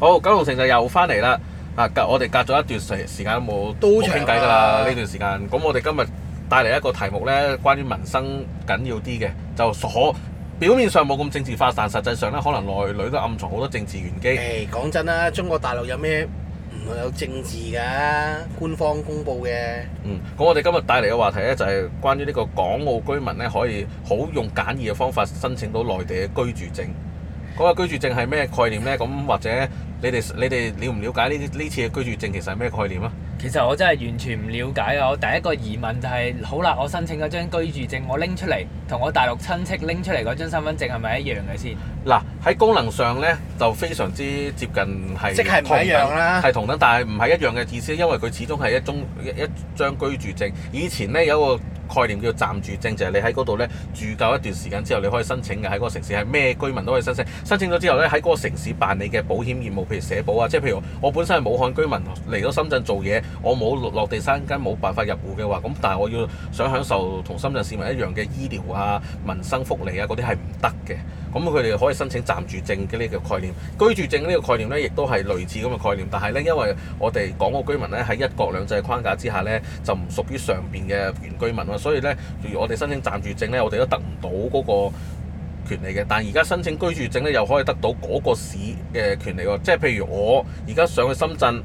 好，九龍城就又翻嚟啦。啊，我隔我哋隔咗一段時時間都冇都傾偈㗎啦。呢段時間，咁我哋今日帶嚟一個題目呢，關於民生緊要啲嘅，就所表面上冇咁政治化，但實際上呢，可能內裏都暗藏好多政治玄機。誒、哎，講真啦，中國大陸有咩唔會有政治㗎？官方公佈嘅。咁、嗯、我哋今日帶嚟嘅話題呢，就係、是、關於呢個港澳居民呢，可以好用簡易嘅方法申請到內地嘅居住證。嗰、那個居住證係咩概念呢？咁或者？你哋你哋了唔了解呢啲呢次嘅居住證其實係咩概念啊？其實我真係完全唔了解啊！我第一個疑問就係：好啦，我申請嗰張居住證，我拎出嚟同我大陸親戚拎出嚟嗰張身份證係咪一樣嘅先？嗱，喺功能上呢，就非常之接近同，係即係唔一樣啦，係同等，但係唔係一樣嘅意思，因為佢始終係一種一張居住證。以前呢，有個概念叫暫住證，就係、是、你喺嗰度呢住夠一段時間之後，你可以申請嘅喺嗰個城市，係咩居民都可以申請。申請咗之後呢，喺嗰個城市辦理嘅保險業務，譬如社保啊，即係譬如我本身係武漢居民嚟咗深圳做嘢。我冇落地生根，冇辦法入戶嘅話，咁但係我要想享受同深圳市民一樣嘅醫療啊、民生福利啊嗰啲係唔得嘅。咁佢哋可以申請暫住證嘅呢個概念，居住證呢個概念呢，亦都係類似咁嘅概念。但係呢，因為我哋港澳居民呢，喺一國兩制框架之下呢，就唔屬於上邊嘅原居民咯，所以呢，譬如我哋申請暫住證呢，我哋都得唔到嗰個權利嘅。但係而家申請居住證呢，又可以得到嗰個市嘅權利喎。即係譬如我而家上去深圳。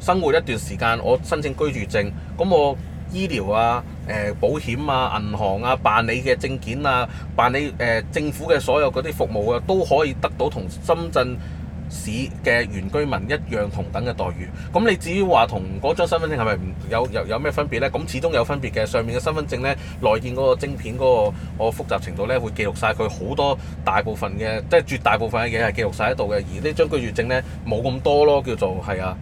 生活一段時間，我申請居住證，咁我醫療啊、誒、呃、保險啊、銀行啊、辦理嘅證件啊、辦理誒政府嘅所有嗰啲服務啊，都可以得到同深圳市嘅原居民一樣同等嘅待遇。咁你至於話同嗰張身份證係咪有有有咩分別呢？咁始終有分別嘅。上面嘅身份證呢，內建嗰個晶片嗰、嗰個，我複雜程度呢，會記錄晒佢好多大部分嘅，即係絕大部分嘅嘢係記錄晒喺度嘅。而呢張居住證呢，冇咁多咯，叫做係啊。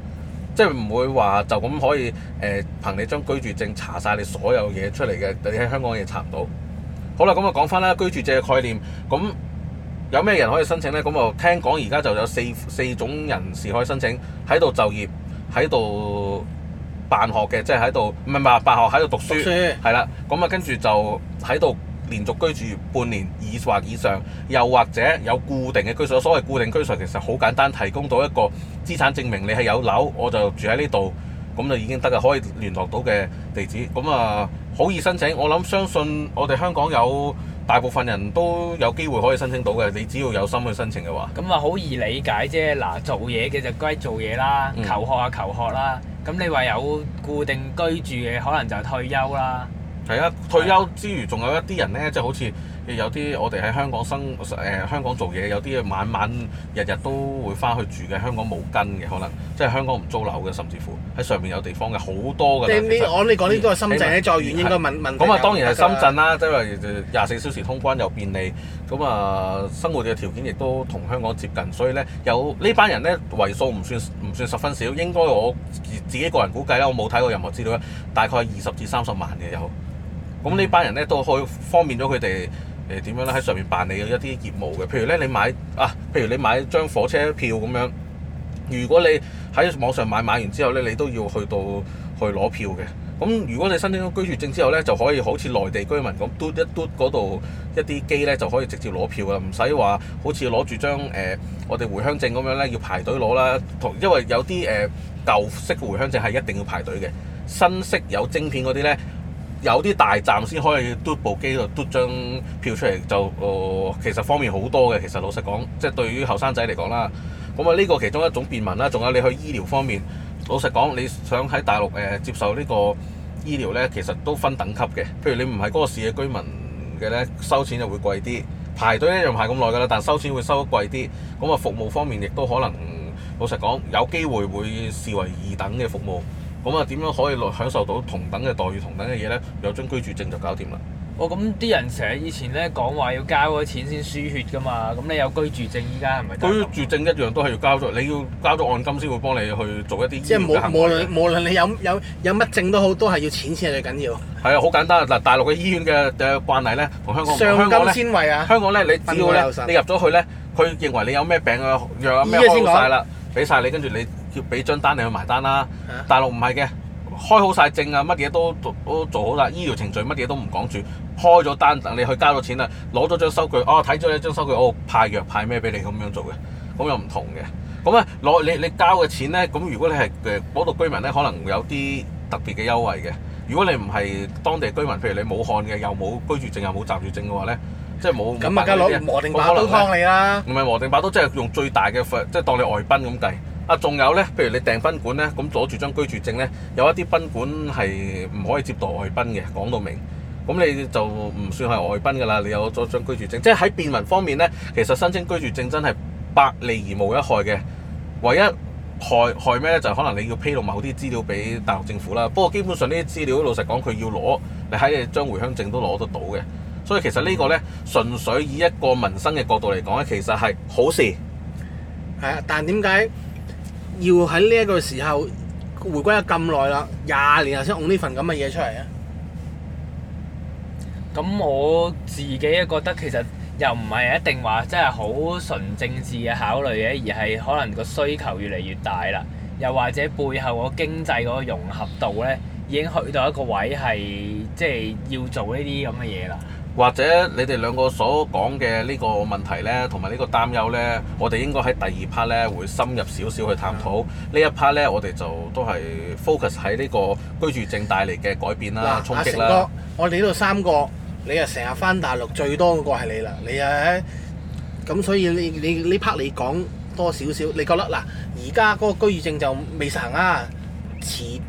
即係唔會話就咁可以誒、呃、憑你將居住證查晒你所有嘢出嚟嘅，你喺香港嘢查唔到。好啦，咁我講翻啦，居住證嘅概念，咁有咩人可以申請咧？咁我聽講而家就有四四種人士可以申請，喺度就業，喺度辦學嘅，即係喺度唔係唔係辦學喺度讀書，係啦書。咁啊，就跟住就喺度。連續居住半年以或以上，又或者有固定嘅居所。所謂固定居所其實好簡單，提供到一個資產證明，你係有樓，我就住喺呢度，咁就已經得嘅，可以聯絡到嘅地址。咁啊，好易申請。我諗相信我哋香港有大部分人都有機會可以申請到嘅。你只要有心去申請嘅話，咁啊好易理解啫。嗱，做嘢嘅就歸做嘢啦，求學啊求學啦。咁、嗯、你話有固定居住嘅，可能就退休啦。係啊！退休之餘，仲有一啲人咧，即係好似有啲我哋喺香港生誒香港做嘢，有啲晚晚日日都會翻去住嘅，香港冇根嘅，可能即係香港唔租樓嘅，甚至乎喺上面有地方嘅好多嘅。是他你你我你講呢啲都係深圳呢再遠應該問的問。咁啊，當然係深圳啦，即係廿四小時通關又便利，咁啊、呃、生活嘅條件亦都同香港接近，所以咧有呢班人咧為數唔算唔算十分少，應該我自己個人估計啦，我冇睇過任何資料咧，大概二十至三十萬嘅有。咁呢班人咧都可以方便咗佢哋，誒，點樣咧？喺上面辦理一啲業務嘅，譬如咧你買啊，譬如你買張火車票咁樣。如果你喺網上買，買完之後咧，你都要去到去攞票嘅。咁如果你申請咗居住證之後咧，就可以好似內地居民咁嘟、嘟、嘟、嘟一嘟嗰度一啲機咧，就可以直接攞票啦，唔使話好似攞住張誒、呃、我哋回鄉證咁樣咧，要排隊攞啦。同因為有啲誒、呃、舊式回鄉證，係一定要排隊嘅，新式有晶片嗰啲咧。有啲大站先可以嘟部機度嘟張票出嚟，就哦其實方便好多嘅。其實老實講，即係對於後生仔嚟講啦，咁啊呢個其中一種便民啦。仲有你去醫療方面，老實講，你想喺大陸誒接受呢個醫療咧，其實都分等級嘅。譬如你唔係嗰個市嘅居民嘅咧，收錢就會貴啲，排隊咧就唔係咁耐㗎啦。但係收錢會收得貴啲，咁啊服務方面亦都可能老實講有機會會視為二等嘅服務。咁啊，點樣可以享受到同等嘅待遇、同等嘅嘢咧？有張居住證就搞掂啦。哦，咁啲人成日以前咧講話要交嗰啲錢先輸血噶嘛，咁你有居住證依家係咪？是是居住證一樣都係要交咗，你要交咗按金先會幫你去做一啲，即係無無論無論你有有有乜證都好，都係要錢先係最緊要。係啊，好簡單嗱，大陸嘅醫院嘅嘅慣例咧，同香港。上金先為啊。香港咧，你只要你入咗去咧，佢認為你有咩病啊、藥咩開曬啦，俾曬說你，跟住你。要俾張單你去埋單啦。啊、大陸唔係嘅，開好晒證啊，乜嘢都都做好曬醫療程序，乜嘢都唔講住，開咗單等你去交咗錢啦，攞咗張收據，哦睇咗一張收據，哦派藥派咩俾你咁樣做嘅，咁又唔同嘅。咁咧攞你你交嘅錢咧，咁如果你係誒嗰度居民咧，可能會有啲特別嘅優惠嘅。如果你唔係當地居民，譬如你武漢嘅又冇居住證又冇暫住證嘅話咧，即係冇咁啊！家人、嗯、磨定把刀劏你啦，唔係磨定把刀，即係用最大嘅份，即係當你外賓咁計。啊，仲有呢，譬如你訂賓館呢，咁攞住張居住證呢，有一啲賓館係唔可以接待外賓嘅，講到明，咁你就唔算係外賓㗎喇。你有咗張居住證，即係喺便民方面呢，其實申請居住證真係百利而無一害嘅。唯一害，害咩咧？就係可能你要披露某啲資料俾大陸政府啦。不過基本上呢啲資料，老實講，佢要攞你喺張回鄉證都攞得到嘅。所以其實呢個呢，純粹以一個民生嘅角度嚟講呢，其實係好事。係啊，但點解？要喺呢一個時候回歸咗咁耐啦，廿年後先用呢份咁嘅嘢出嚟咧。咁我自己覺得其實又唔係一定話真係好純政治嘅考慮嘅，而係可能個需求越嚟越大啦，又或者背後個經濟嗰個融合度呢，已經去到一個位係，即係要做呢啲咁嘅嘢啦。或者你哋兩個所講嘅呢個問題呢，同埋呢個擔憂呢，我哋應該喺第二 part 呢會深入少少去探討。呢的一 part 呢，我哋就都係 focus 喺呢個居住證帶嚟嘅改變啦、衝擊啦。成哥，我哋呢度三個，你又成日翻大陸最多嗰個係你啦，你啊，咁所以你你呢 part 你講多少少，你覺得嗱，而家嗰個居住證就未實行啊，遲。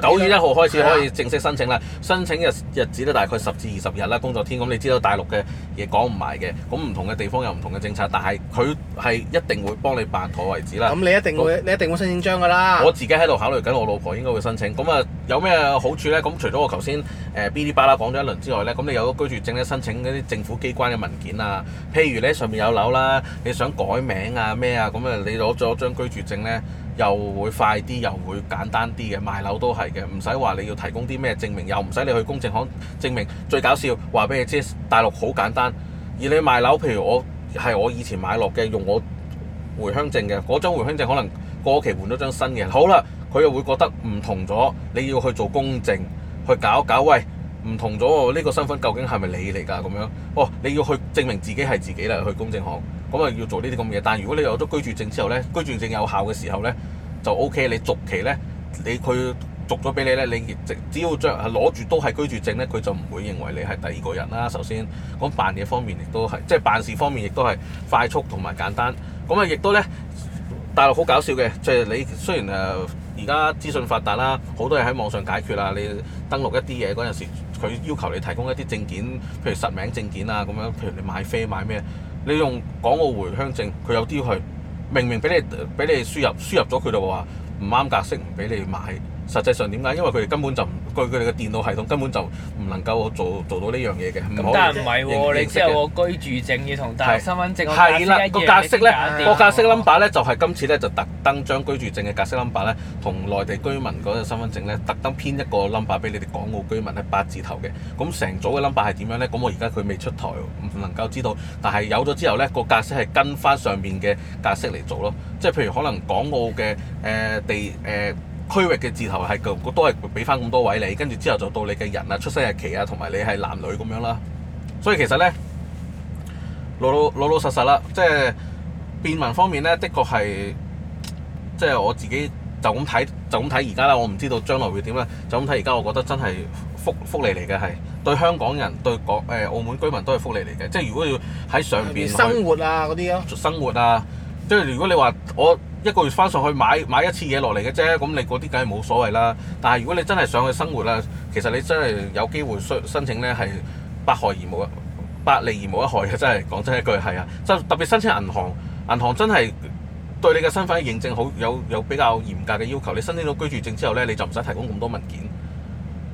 九月一號開始可以正式申請啦，申請日日子都大概十至二十日啦，工作天。咁你知道大陸嘅嘢講唔埋嘅，咁唔同嘅地方有唔同嘅政策，但係佢係一定會幫你辦妥為止啦。咁你一定會，你一定會申請張㗎啦。我自己喺度考慮緊，我老婆應該會申請。咁啊，有咩好處呢？咁除咗我頭先誒噼里啪啦講咗一輪之外呢，咁你有個居住證呢，申請嗰啲政府機關嘅文件啊，譬如呢上面有樓啦，你想改名啊咩啊，咁啊你攞咗張居住證呢。又會快啲，又會簡單啲嘅，賣樓都係嘅，唔使話你要提供啲咩證明，又唔使你去公證行證明。最搞笑，話俾你知，大陸好簡單，而你賣樓，譬如我係我以前買落嘅，用我回鄉證嘅，嗰張回鄉證可能過期換咗張新嘅，好啦，佢又會覺得唔同咗，你要去做公證去搞搞，喂。唔同咗喎，呢個身份究竟係咪你嚟㗎咁樣？哦，你要去證明自己係自己啦，去公證行，咁啊要做呢啲咁嘅嘢。但如果你有咗居住證之後呢，居住證有效嘅時候呢，就 O K。你續期呢，你佢續咗俾你呢，你只要將攞住都係居住證呢，佢就唔會認為你係第二個人啦。首先，咁辦嘢方面亦都係，即係辦事方面亦都係快速同埋簡單。咁啊，亦都呢，大陸好搞笑嘅，即係你雖然誒而家資訊發達啦，好多嘢喺網上解決啦，你登錄一啲嘢嗰陣時。佢要求你提供一啲證件，譬如實名證件啊咁樣，譬如你買飛買咩，你用港澳回鄉證，佢有啲要求，明明俾你俾你輸入輸入咗，佢就話唔啱格式，唔俾你買。實際上點解？因為佢哋根本就唔據佢哋嘅電腦系統根本就唔能夠做做到呢樣嘢嘅，但得唔係喎。你知我居住證要同大陸身份證格式一樣，係啦，個對格式咧，個格式 number 咧就係今次咧就特登將居住證嘅格式 number 咧同內地居民嗰個身份證咧特登編一個 number 俾你哋港澳居民係八字頭嘅。咁成組嘅 number 係點樣咧？咁我而家佢未出台，唔能夠知道。但係有咗之後咧，個格式係跟翻上，上面嘅格式嚟做咯。即係譬如可能港澳嘅誒、呃、地誒。呃呃呃呃區域嘅字頭係個都係俾翻咁多位你，跟住之後就到你嘅人啊、出生日期啊，同埋你係男女咁樣啦。所以其實呢，老老老老實實啦，即係變民方面呢，的確係即係我自己就咁睇，就咁睇而家啦。我唔知道將來會點啦，就咁睇而家，我覺得真係福福利嚟嘅係對香港人、對港澳門居民都係福利嚟嘅。即係如果要喺上邊生活啊嗰啲啊，生活啊。即係如果你話我一個月翻上去買買一次嘢落嚟嘅啫，咁你嗰啲梗係冇所謂啦。但係如果你真係上去生活啦，其實你真係有機會申申請呢係百害而無百利而無一害嘅。真係講真一句係啊！就特別申請銀行，銀行真係對你嘅身份認證好有有比較嚴格嘅要求。你申請咗居住證之後呢，你就唔使提供咁多文件。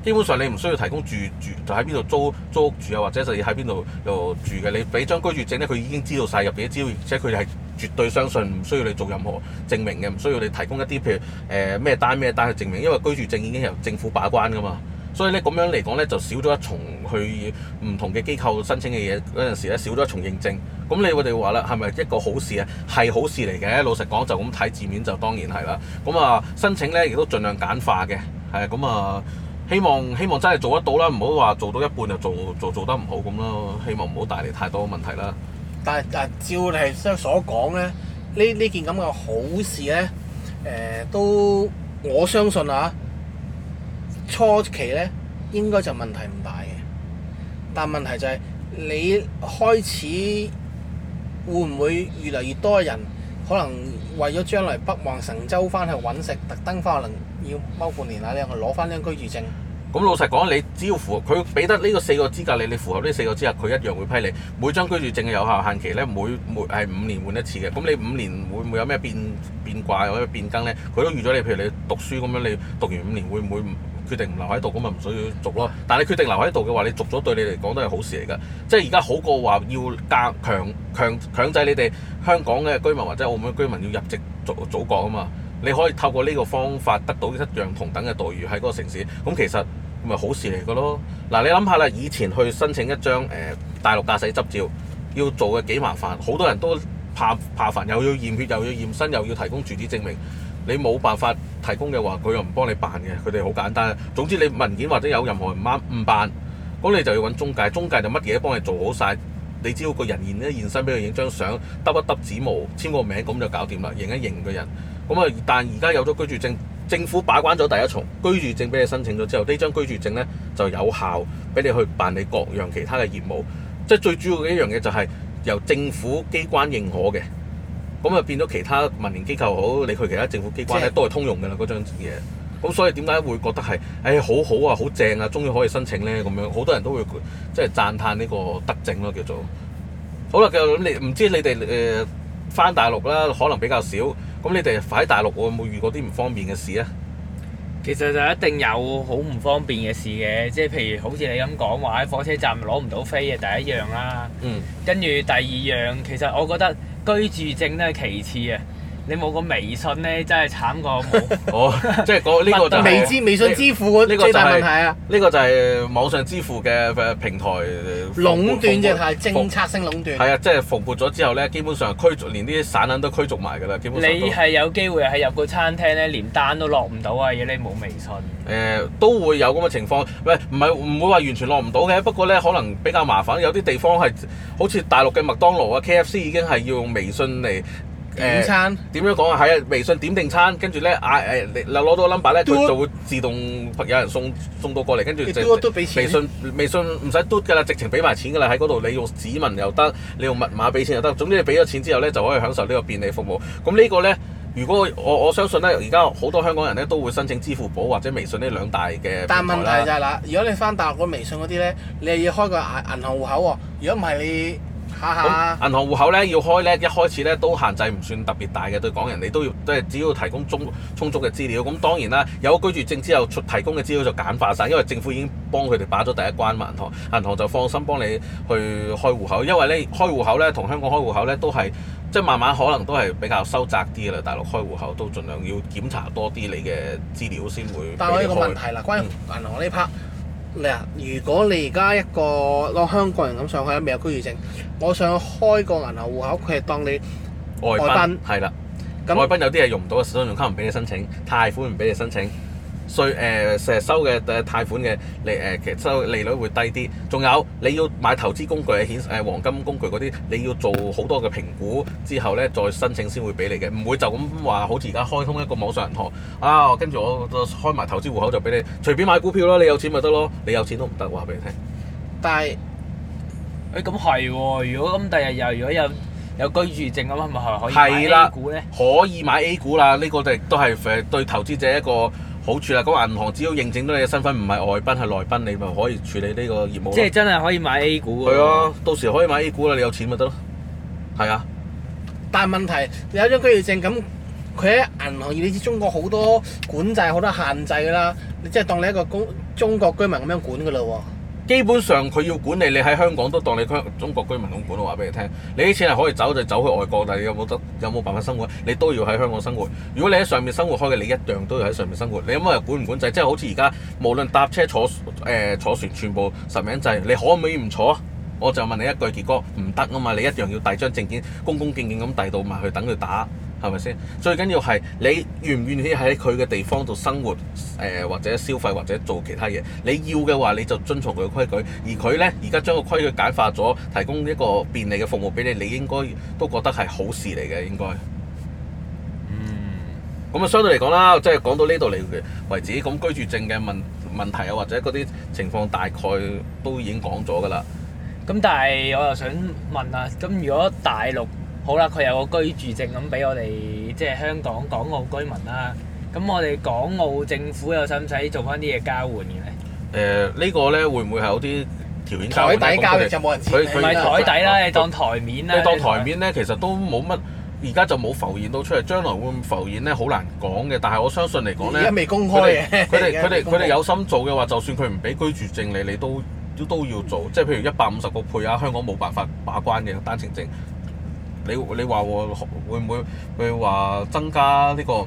基本上你唔需要提供住住就喺邊度租租屋住啊，或者就係喺邊度度住嘅。你俾張居住證呢，佢已經知道晒入邊啲資料，而且佢係。絕對相信唔需要你做任何證明嘅，唔需要你提供一啲譬如誒咩、呃、單咩單去證明，因為居住證已經由政府把關噶嘛。所以咧咁樣嚟講咧，就少咗一重去唔同嘅機構申請嘅嘢嗰陣時咧，少咗一重認證。咁你我哋話啦，係咪一個好事啊？係好事嚟嘅，老實講就咁睇字面就當然係啦。咁啊，申請咧亦都盡量簡化嘅，係咁啊。希望希望真係做得到啦，唔好話做到一半就做做，做得唔好咁咯。希望唔好帶嚟太多問題啦。但，但照你係所所講呢，呢件咁嘅好事呢，誒、呃、都我相信啊，初期呢，應該就問題唔大嘅。但問題就係、是、你開始會唔會越嚟越多人可能為咗將來北望神州返去揾食，特登返去，可能要踎半年啊，呢樣攞返張居住證。咁老實講，你只要符合佢俾得呢個四個資格，你你符合呢四個資格，佢一樣會批你。每張居住證嘅有效限期咧，每每係五年換一次嘅。咁你五年會唔會有咩變變卦或者變更咧？佢都預咗你。譬如你讀書咁樣，你讀完五年會唔會唔決定唔留喺度？咁咪唔需要續咯。但係你決定留喺度嘅話，你續咗對你嚟講都係好事嚟㗎。即係而家好過話要加強強強制你哋香港嘅居民或者澳門嘅居民要入籍祖祖國啊嘛。你可以透過呢個方法得到一樣同等嘅待遇喺嗰個城市。咁其實。咪好事嚟嘅咯！嗱，你諗下啦，以前去申請一張誒、呃、大陸駕駛執照，要做嘅幾麻煩，好多人都怕怕煩，又要驗血，又要驗身，又要提供住址證明。你冇辦法提供嘅話，佢又唔幫你辦嘅。佢哋好簡單，總之你文件或者有任何唔啱唔辦，咁你就要揾中介，中介就乜嘢都幫你做好晒。你只要個人現咧現身俾佢影張相，得一得指模，簽個名，咁就搞掂啦。認一認個人。咁啊！但而家有咗居住證，政府把關咗第一重居住證俾你申請咗之後，呢張居住證呢就有效俾你去辦理各樣其他嘅業務。即係最主要嘅一樣嘢就係由政府機關認可嘅，咁啊變咗其他民營機構好，你去其他政府機關呢正都係通用㗎啦嗰張嘢。咁所以點解會覺得係誒、哎、好好啊、好正啊，終於可以申請呢。咁樣？好多人都會即係讚嘆呢個德政咯，叫做好啦。咁你唔知你哋誒返大陸啦，可能比較少。咁你哋喺大陸，會唔會遇過啲唔方便嘅事咧？其實就一定有好唔方便嘅事嘅，即係譬如好似你咁講話喺火車站攞唔到飛嘅第一樣啦。嗯。跟住第二樣，其實我覺得居住證咧都係其次啊。你冇個微信咧，真係慘過冇。哦，即係嗰呢個就係、是、未 知微信支付嗰最大問題啊！呢個就係、是、網、這個、上支付嘅平台壟斷啫，係政策性壟斷。係啊、就是，即係復活咗之後咧，基本上驅逐連啲散銀都驅逐埋㗎喇。基本你係有機會係入個餐廳咧，連單都落唔到啊！如果你冇微信誒、呃，都會有咁嘅情況。喂，唔係唔會話完全落唔到嘅，不過咧可能比較麻煩。有啲地方係好似大陸嘅麥當勞啊、K F C 已經係要用微信嚟。點餐？點樣講啊？喺、嗯、微信點訂餐，跟住咧嗌誒，攞、啊、攞、啊、到個 number 咧，佢都就會自動有人送送到過嚟，跟住就都微信微信，唔使嘟㗎啦，直情俾埋錢㗎啦，喺嗰度你用指紋又得，你用密碼俾錢又得，總之你俾咗錢之後咧，就可以享受呢個便利服務。咁呢個咧，如果我我相信咧，而家好多香港人咧都會申請支付寶或者微信呢兩大嘅。但問題就係、是、啦，如果你翻大陸個微信嗰啲咧，你又要開個銀行戶口喎，如果唔係你。咁哈銀行戶口咧要開咧，一開始咧都限制唔算特別大嘅。對港人，你都要即係只要提供充充足嘅資料。咁當然啦，有居住證之後，提供嘅資料就簡化晒，因為政府已經幫佢哋把咗第一關。銀行銀行就放心幫你去開戶口，因為呢開戶口呢，同香港開戶口呢，都係即係慢慢可能都係比較收窄啲啦。大陸開戶口都盡量要檢查多啲你嘅資料先會。但係呢個問題啦，關於銀行呢 part。嗯嗱，如果你而家一個攞香港人咁上去，都未有居住證，我想開個銀行戶口，佢係當你外，外賓，係啦，咁外賓有啲嘢用唔到嘅，信用卡唔俾你申請，貸款唔俾你申請。稅誒成日收嘅誒貸款嘅利誒，其實收利率會低啲。仲有你要買投資工具嘅險誒，黃金工具嗰啲，你要做好多嘅評估之後咧，再申請先會俾你嘅，唔會就咁話好似而家開通一個網上銀行啊，跟住我開埋投資戶口就俾你，隨便買股票啦，你有錢咪得咯，你有錢都唔得話俾你聽。但係誒咁係喎，如果咁第日又如果有有居住證咁，係咪可以買 A 股咧？可以買 A 股啦，呢個就都係誒對投資者一個。好處啦，個銀行只要認證到你嘅身份唔係外賓係內賓，你咪可以處理呢個業務。即係真係可以買 A 股㗎。係咯，到時可以買 A 股啦，你有錢咪得咯。係啊，但問題你有一張居住證咁，佢喺銀行而你知中國好多管制，好多限制㗎啦，你即係當你一個公中國居民咁樣管㗎啦喎。基本上佢要管理你喺香港都當你香中國居民咁管，我話俾你聽，你啲錢係可以走就走去外國，但係你有冇得有冇辦法生活？你都要喺香港生活。如果你喺上面生活開嘅，你一樣都要喺上面生活。你有冇人管唔管制？即係好似而家無論搭車坐誒、呃、坐船，全部實名制。你可唔可以唔坐啊？我就問你一句，傑哥唔得啊嘛！你一樣要遞張證件，恭恭敬敬咁遞到埋去等佢打。係咪先？最緊要係你願唔願意喺佢嘅地方度生活，誒、呃、或者消費或者做其他嘢。你要嘅話，你就遵從佢嘅規矩。而佢呢，而家將個規矩簡化咗，提供一個便利嘅服務俾你。你應該都覺得係好事嚟嘅，應該。咁啊、嗯，相對嚟講啦，即係講到呢度嚟為止，咁居住證嘅問問題啊，或者嗰啲情況大概都已經講咗噶啦。咁但係我又想問啊，咁如果大陸？好啦，佢有個居住證咁俾我哋，即係香港、港澳居民啦。咁我哋港澳政府又使唔使做翻啲嘢交換嘅咧？誒，呢個咧會唔會係有啲條件交換？台底交易就冇人知啦。唔係台底啦，你當台面啦。你當台面咧，其實都冇乜。而家就冇浮現到出嚟，將來會唔浮現咧，好難講嘅。但係我相信嚟講咧，而家未公開嘅。佢哋佢哋佢哋有心做嘅話，就算佢唔俾居住證你，你都都都要做。即係譬如一百五十個配額，香港冇辦法把關嘅單程證。你你話會唔會會話增加呢個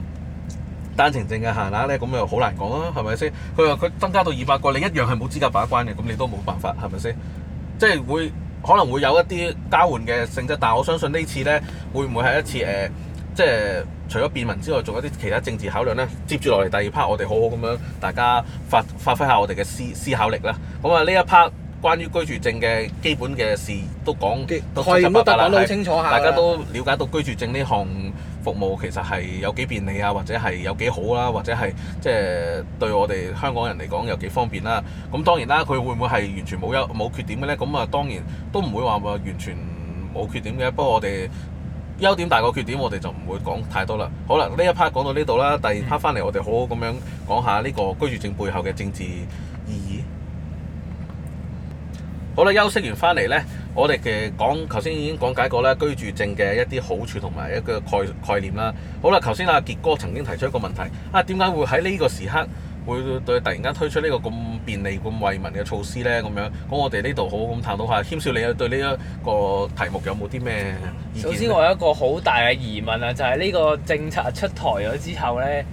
單程證嘅限額呢？咁又好難講啊，係咪先？佢話佢增加到二百個，你一樣係冇資格把關嘅，咁你都冇辦法，係咪先？即係會可能會有一啲交換嘅性質，但我相信呢次呢，會唔會係一次誒、呃，即係除咗便民之外，仲有啲其他政治考量呢？接住落嚟第二 part，我哋好好咁樣大家發發揮下我哋嘅思思考力啦。咁啊，呢一 part。關於居住證嘅基本嘅事都講其都，都得清晰啦，係大家都了解到居住證呢項服務其實係有幾便利啊，或者係有幾好啦、啊，或者係即係對我哋香港人嚟講又幾方便啦、啊。咁當然啦，佢會唔會係完全冇優冇缺點嘅呢？咁啊當然都唔會話話完全冇缺點嘅。不過我哋優點大過缺點，我哋就唔會講太多啦。好啦，呢一 part 講到呢度啦，第二 part 翻嚟我哋好好咁樣講下呢個居住證背後嘅政治。好啦，休息完翻嚟咧，我哋嘅講，頭先已經講解過咧居住證嘅一啲好處同埋一個概概念啦。好啦，頭先阿杰哥曾經提出一個問題啊，點解會喺呢個時刻會對突然間推出呢個咁便利、咁惠民嘅措施咧？咁樣咁，我哋呢度好好咁探討下，謙少，你對呢一個題目有冇啲咩？首先，我有一個好大嘅疑問啊，就係、是、呢個政策出台咗之後咧。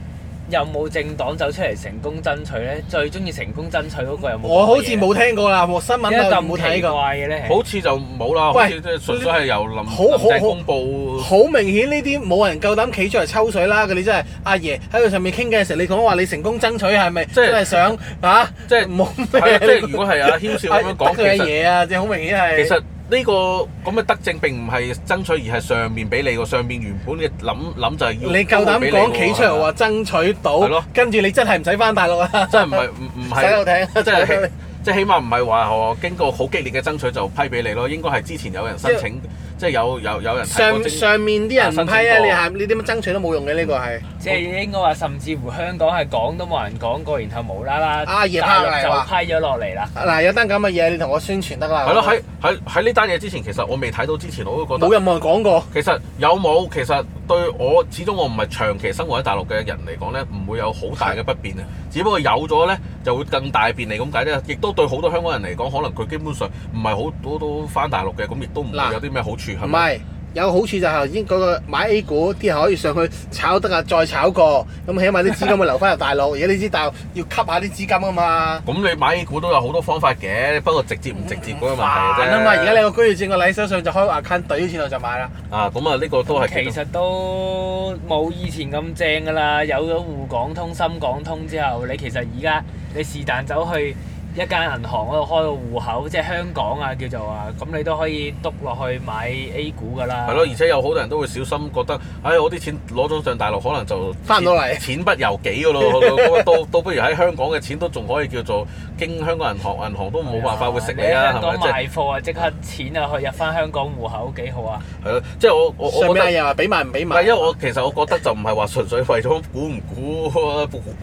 有冇政黨走出嚟成功爭取咧？最鍾意成功爭取嗰個有冇？我好似冇聽過啦，新聞不但冇睇過。好似就冇啦。喂，好純粹係由林鄭公布，好恐怖，好明顯呢啲冇人夠膽企出嚟抽水啦！你真係阿爺喺佢上面傾偈嘅時候，你講話你成功爭取係咪？即係想嚇？即係冇。即係如果係阿謙少咁樣講嘅嘢啊，即係好明顯係。其實呢、這個咁嘅德政並唔係爭取，而係上面俾你。個上面原本嘅諗諗就係要你夠膽講企出嚟話爭取到，跟住對咯 你真係唔使翻大陸啊！真係唔係唔，唔係，唔使遊即係是 即係起碼唔係話我經過好激烈嘅爭取就批俾你咯。應該係之前有人申請。即係有有有人，上上面啲人唔批啊！你係你點樣爭取都冇用嘅，呢個係。即係、嗯、應該話甚至乎香港係講都冇人講過，然後無啦啦啊而家就批咗落嚟啦。嗱、啊啊、有單咁嘅嘢你同我宣傳得啦。係咯，喺喺喺呢單嘢之前，其實我未睇到之前我都覺得冇任何人講過。其實有冇，其實對我，始終我唔係長期生活喺大陸嘅人嚟講咧，唔會有好大嘅不便啊。只不過有咗咧就會更大便利咁解啫。亦都對好多香港人嚟講，可能佢基本上唔係好都都翻大陸嘅，咁亦都唔會有啲咩好處。唔係，有個好處就係已經嗰個買 A 股啲人可以上去炒得啊，再炒過，咁起碼啲資金會留翻入大陸，而家 你知大陸要吸下啲資金啊嘛。咁 你買 A 股都有好多方法嘅，嗯，不過直接唔直接嗰個問題啫。啊嘛，而家你個居住證個禮收上就開 account，揼啲錢落就買啦。啊，咁啊，呢個都係其實都冇以前咁正噶啦，有咗滬港通、深港通之後，你其實而家你是但走去。一間銀行嗰度開個戶口，即係香港啊，叫做啊，咁你都可以督落去買 A 股㗎啦。係咯，而且有好多人都會小心覺得，哎，我啲錢攞咗上大陸，可能就翻到嚟，不錢不由己㗎咯。 都都不如喺香港嘅錢都仲可以叫做經香港銀行，銀行都冇辦法會食你啊，係咪？哎？賣貨啊，即刻錢啊，去入翻香港戶即口，幾好啊！係咯，即係我我我得上咩啊？俾埋唔俾埋。 因為我其實我覺得就唔係話純粹為咗估唔估，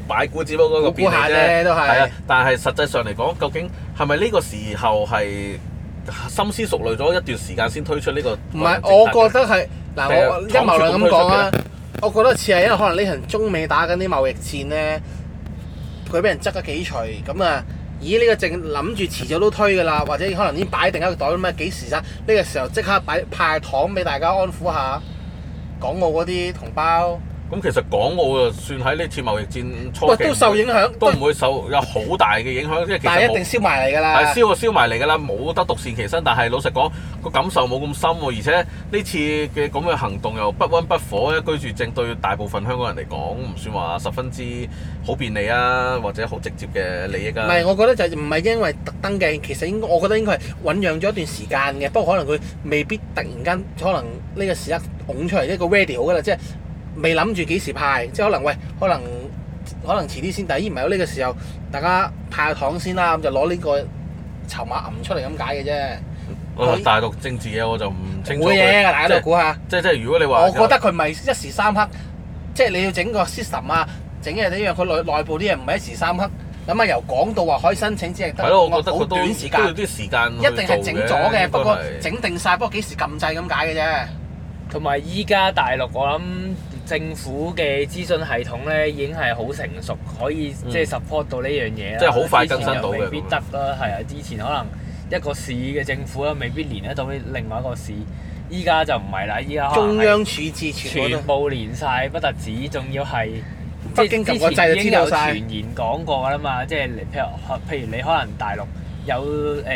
擺股，只不過嗰個邊。估估下啫，都係。係啊，但係實際上嚟講。究竟係咪呢個時候係深思熟慮咗一段時間先推出呢個？唔係，我覺得係嗱，我陰謀論咁講啦。我覺得似係因為可能呢場中美打緊啲貿易戰咧，佢俾人執得幾除咁啊？咦，呢個正諗住遲早都推㗎啦，或者可能已經擺定一個袋咁咩幾時先？呢個時候即刻擺派糖俾大家安撫下，港澳嗰啲同胞。咁其實港澳啊，算喺呢次貿易戰初期，都受影響，都唔會受有好大嘅影響。即係其實，但係一定燒埋嚟㗎啦！但係燒啊燒埋嚟㗎啦，冇得獨善其身。但係老實講，個感受冇咁深喎。而且呢次嘅咁嘅行動又不温不火，居住證對大部分香港人嚟講，唔算話十分之好便利啊，或者好直接嘅利益啊。唔係，我覺得就唔係因為特登嘅，其實應該我覺得應該係醖釀咗一段時間嘅。不過可能佢未必突然間可能呢個時刻拱出嚟一個 radio 㗎啦，即係。未諗住幾時派，即係可能喂，可能可能遲啲先。但係依唔係呢個時候，大家派下糖先啦，咁就攞呢個籌碼揞出嚟咁解嘅啫。我但大陸政治嘢我就唔清楚，大家都估下。即係即係如果你話，我覺得佢唔係一時三刻，就是、即係你要整個 system 啊，整嘢呢樣，佢內內部啲嘢唔係一時三刻。諗下由港到話可以申請，只係得我覺得好短時間，一定係整咗嘅。不過整定晒，不過幾時撳掣咁解嘅啫。同埋依家大陸，我諗。政府嘅資訊系統咧，已經係好成熟，可以即係 support 到呢樣嘢啦。即係好快更新到未必得啦，係啊！之前可能一個市嘅政府咧，未必連得到另外一個市。依家就唔係啦，依家中央處置全，全部連晒，不特止，仲要係。北京個制就知道曬。之前已經有傳言講過㗎啦嘛，即係譬如譬如你可能大陸有誒、呃，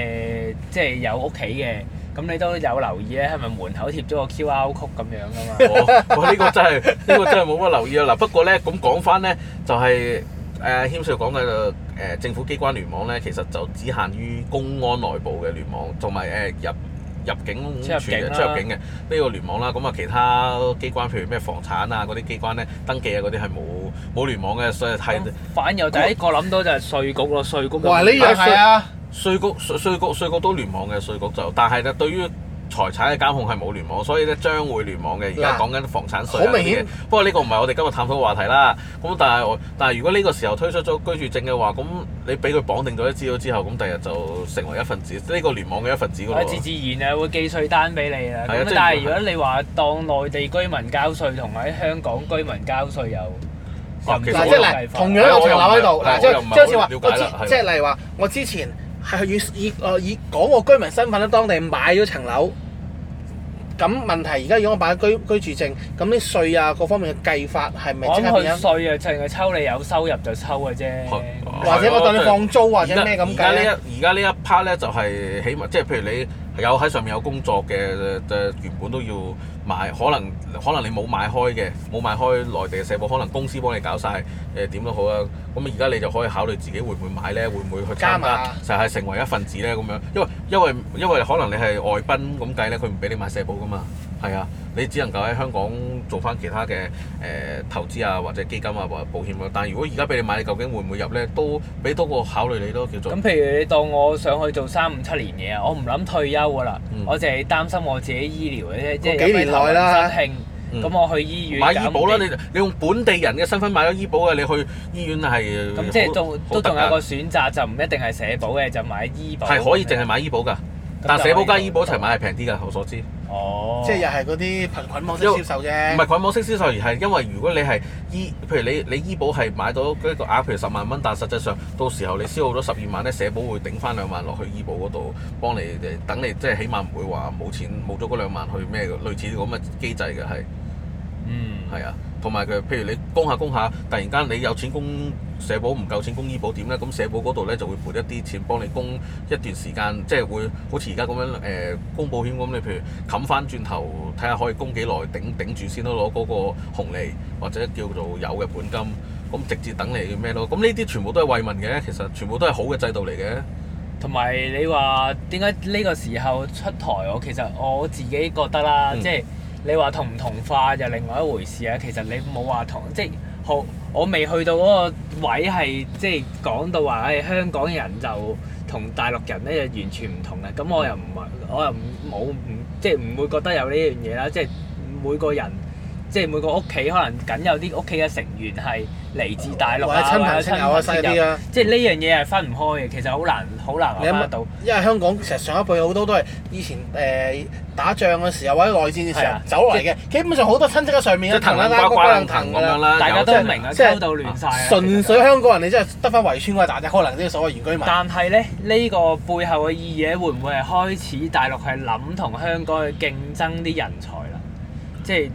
即係有屋企嘅。嗯咁你都有留意咧，係咪門口貼咗個 QR Code 咁樣噶嘛？我呢、呢個真係，呢、呢個真係冇乜留意啊！嗱，不過咧，咁講翻咧，就係誒謙 sir 講嘅誒政府機關聯網咧，其實就只限於公安內部嘅聯網，同埋誒入入,入境處出入境嘅呢、啊、個聯網啦。咁啊，其他機關譬如咩房產啊嗰啲機關咧，登記啊嗰啲係冇冇聯網嘅，所以係反而我第一個諗到就係稅局咯，稅局。呢樣係啊。稅局、稅局、稅局都聯網嘅，稅局就，但係咧對於財產嘅監控係冇聯網，所以咧將會聯網嘅。而家講緊房產稅好明顯，不過呢個唔係我哋今日探討嘅話題啦。咁但係我，但係如果呢個時候推出咗居住證嘅話，咁你俾佢綁定咗啲資料之後，咁第日就成為一份子，呢個聯網嘅一份子㗎，自自然啊，會寄稅單俾你啦。但係如果你話當內地居民交稅同埋喺香港居民交稅有，即係同樣有層樓喺度。即係即係話，即係例如話，我之前。係以、呃、以誒以嗰個居民身份喺當地買咗層樓，咁問題而家如果我辦居居住證，咁啲稅啊各方面嘅計法係咪？即講佢稅啊，淨係抽你有收入就抽嘅啫，是或者我當你放租的在或者咩咁計，而家呢一 part 咧就係起碼，即係譬如你。有喺上面有工作嘅原本都要買，可能可能你冇買開嘅，冇買開內地嘅社保，可能公司幫你搞晒，誒點都好啊。咁而家你就可以考慮自己會唔會買呢？會唔會去參加，就係碼成為一份子呢？咁樣。因為因為因為可能你係外賓咁計呢，佢唔俾你買社保㗎嘛。係啊，你只能夠喺香港做返其他嘅誒、呃、投資啊，或者基金啊，或者保險咯、啊。但如果而家俾你買，你究竟會唔會入咧？都俾多個考慮你都叫做。咁譬如你當我想去做三五七年嘢啊，我唔諗退休㗎啦，嗯、我淨係擔心我自己醫療嘅啫。即係幾年內啦，咁我去醫院買醫保啦。你你用本地人嘅身份買咗醫保嘅，你去醫院係咁即係都都仲有個選擇，嗯、就唔一定係社保嘅，就買醫保係、嗯、可以淨係買醫保㗎。但社保加醫、e、保一齊買係平啲㗎，我所知。哦，即係又係嗰啲捆綁式銷售啫。唔係捆綁式銷售，而係因為如果你係醫、e, e，譬如你你醫保係買到嗰個額，譬如十萬蚊，但實際上到時候你消耗咗十二萬咧，社保會頂翻兩萬落去醫保嗰度幫你誒，等你即係起碼唔會話冇錢冇咗嗰兩萬去咩、e，類似咁嘅機制嘅係。嗯，係啊，同埋佢譬如你供下供下，突然間你有錢供社保唔夠錢供醫保點咧？咁社保嗰度咧就會撥一啲錢幫你供一段時間，即係會好似而家咁樣誒、呃、供保險咁，你譬如冚翻轉頭睇下可以供幾耐，頂頂住先咯，攞嗰個紅利或者叫做有嘅本金，咁直接等你咩咯？咁呢啲全部都係惠民嘅，其實全部都係好嘅制度嚟嘅。同埋你話點解呢個時候出台？我其實我自己覺得啦，嗯、即係。你話同唔同化又另外一回事啊！其實你冇話同，即係好，我未去到嗰個位係即係講到話，唉，香港人就同大陸人咧就完全唔同嘅。咁我又唔係，我又冇唔即係唔會覺得有呢樣嘢啦。即係每個人。即係每個屋企可能僅有啲屋企嘅成員係嚟自大陸或者親朋親友啊，即係呢樣嘢係分唔開嘅。其實好難，好難摸到。因為香港其實上一輩好多都係以前誒打仗嘅時候或者內戰嘅時候走嚟嘅，基本上好多親戚喺上面嘅。就藤啊藤，大家都明啊，即溝到亂晒。純粹香港人，你真係得返圍村嗰啲，可能啲所謂原居民。但係咧，呢個背後嘅意義會唔會係開始大陸係諗同香港去競爭啲人才啦？即係。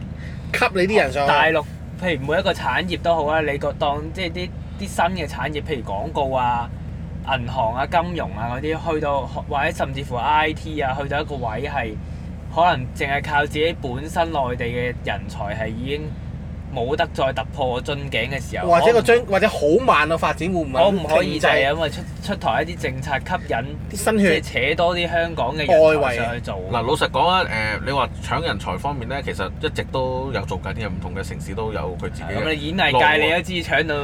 吸你啲人上大陸，譬如每一個產業都好啦，你個當即係啲啲新嘅產業，譬如廣告啊、銀行啊、金融啊嗰啲，去到或者甚至乎 IT 啊，去到一個位係可能淨係靠自己本身內地嘅人才係已經冇得再突破進境嘅時候，或者個將，或者好慢個、啊、發展會會，會唔會，可唔可以就係因為出出台一啲政策吸引啲新血，或扯多啲香港嘅人才上去做。嗱，老實講啊，誒、呃，你話搶人才方面咧，其實一直都有做緊，啲唔同嘅城市都有佢自己。咁你、嗯嗯、演藝界你都知搶到。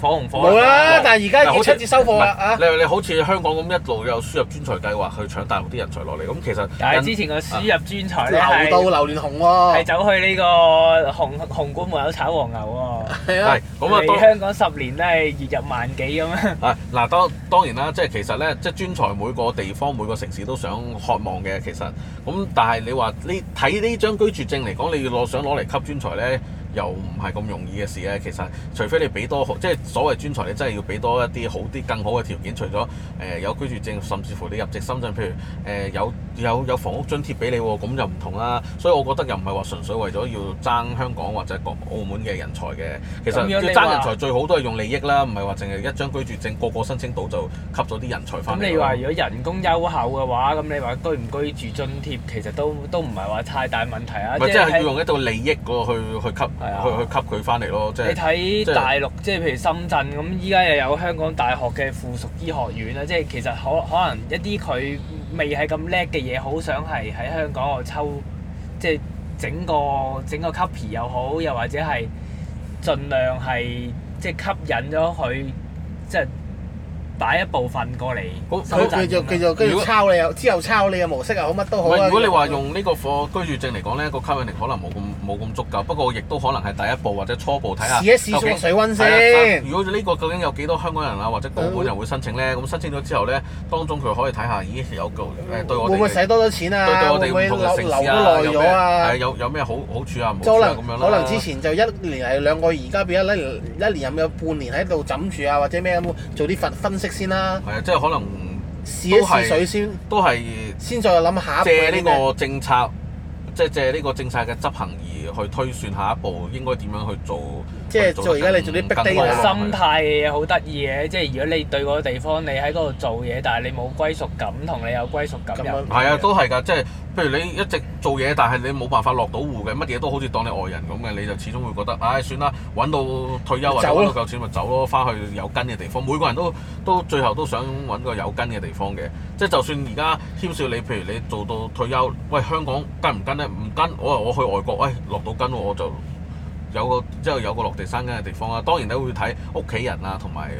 火紅火。冇啦的！但係而家要趁節收貨啦啊、嗯嗯！你你好似香港咁一路有輸入專才計劃去搶大陸啲人才落嚟，咁、嗯、其實。但係之前個輸入專才咧係。都、嗯、流，流亂紅喎、啊。係走去呢個紅紅館門口。炒黃牛喎，係啊，咁啊，到香港十年都係月入萬幾咁樣 啊！嗱，當當然啦，即係其實咧，即係專才每個地方每個城市都想渴望嘅，其實咁，但係你話呢睇呢張居住證嚟講，你要攞想攞嚟吸專才咧。又唔係咁容易嘅事咧，其實除非你俾多，即係所謂專才，你真係要俾多一啲好啲更好嘅條件。除咗誒有居住證，甚至乎你入籍深圳，譬如誒有有有房屋津貼俾你，咁就唔同啦。所以我覺得又唔係話純粹為咗要爭香港或者澳門嘅人才嘅，其實爭人才最好都係用利益啦，唔係話淨係一張居住證個個申請到就吸咗啲人才翻嚟。咁你話如果人工優厚嘅話，咁你話居唔居住津貼其實都都唔係話太大問題啊。唔係，即係要用一個利益嗰去去吸。去吸係啊，去去吸佢翻嚟咯，即係你睇大陸，即係譬如深圳咁，依家又有香港大學嘅附屬醫學院啦，即係其實可可能一啲佢未係咁叻嘅嘢，好想係喺香港度抽，即係整個整個 copy 又好，又或者係盡量係即係吸引咗佢，即係擺一部分過嚟。好，佢繼續噉樣繼續繼續抄你，如果之後抄你嘅模式啊，好乜都好。如果你話用呢個貨居住證嚟講咧，個吸引力可能冇咁。冇咁足夠，不過亦都可能係第一步或者初步睇下試一試水溫先。如果呢個究竟有幾多香港人啊或者澳門人會申請咧？咁申請咗之後咧，當中佢可以睇下已經有個誒、哎、對我會唔會使多咗錢啊？對，對我哋唔同嘅成因有咩？有有咩好好處啊？冇、啊、可，可能之前就一年係兩個，而家變咗一年入有，有半年喺度枕住啊，或者咩咁做啲分分析先啦。係啊，即係可能試一試水先，都係先再諗下一季借呢個政策，即係借呢個政策嘅執行而。去推算下一步應該點樣去做？即係做而家你做啲逼地嘅心態嘅好得意嘅。即係如果你對個地方你喺嗰度做嘢，但係你冇歸屬感，同你有歸屬感咁樣、樣。係啊，都係㗎。即係譬如你一直做嘢，但係你冇辦法落到戶嘅，乜嘢都好似當你外人咁嘅，你就始終會覺得，唉、哎，算啦，揾到退休或者揾到夠錢咪走咯，翻走去有根嘅地方。每個人都都最後都想揾個有根嘅地方嘅。即係就算而家，牽涉你，譬如你做到退休，喂，香港跟唔跟咧？唔跟，我我去外國，喂、哎，哎哎哎哎哎哎到根我就有個，之後有個落地生根嘅地方啦。當然都會睇屋企人啊，同埋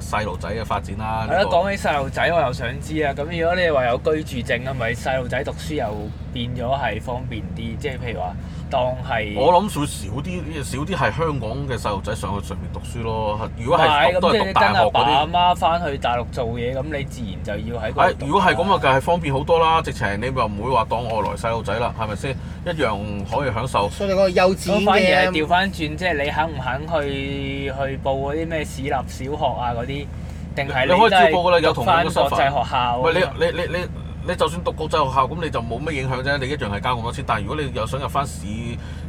誒細路仔嘅發展啦。係啦，講起細路仔，我又想知啊。咁如果你話有居住證啊，係咪細路仔讀書又變咗係方便啲，即係譬如話。當係，我諗少少啲，少啲係香港嘅細路仔上去上面讀書咯。如果係都係讀大學嗰啲，咁你翻去大陸做嘢，咁你自然就要喺。如果係咁啊，梗係方便好多啦！直情你又唔會話當外來細路仔啦，係咪先？一樣可以享受。所以講幼稚園，反而係調翻轉，即係你肯唔肯去去報嗰啲咩市立小學啊嗰啲，定係你都係入翻國際學校，啊。喂，你你你你。你你你你你就算讀國際學校，咁你就冇乜影響啫，你一樣係交咁多錢。但係如果你又想入翻市，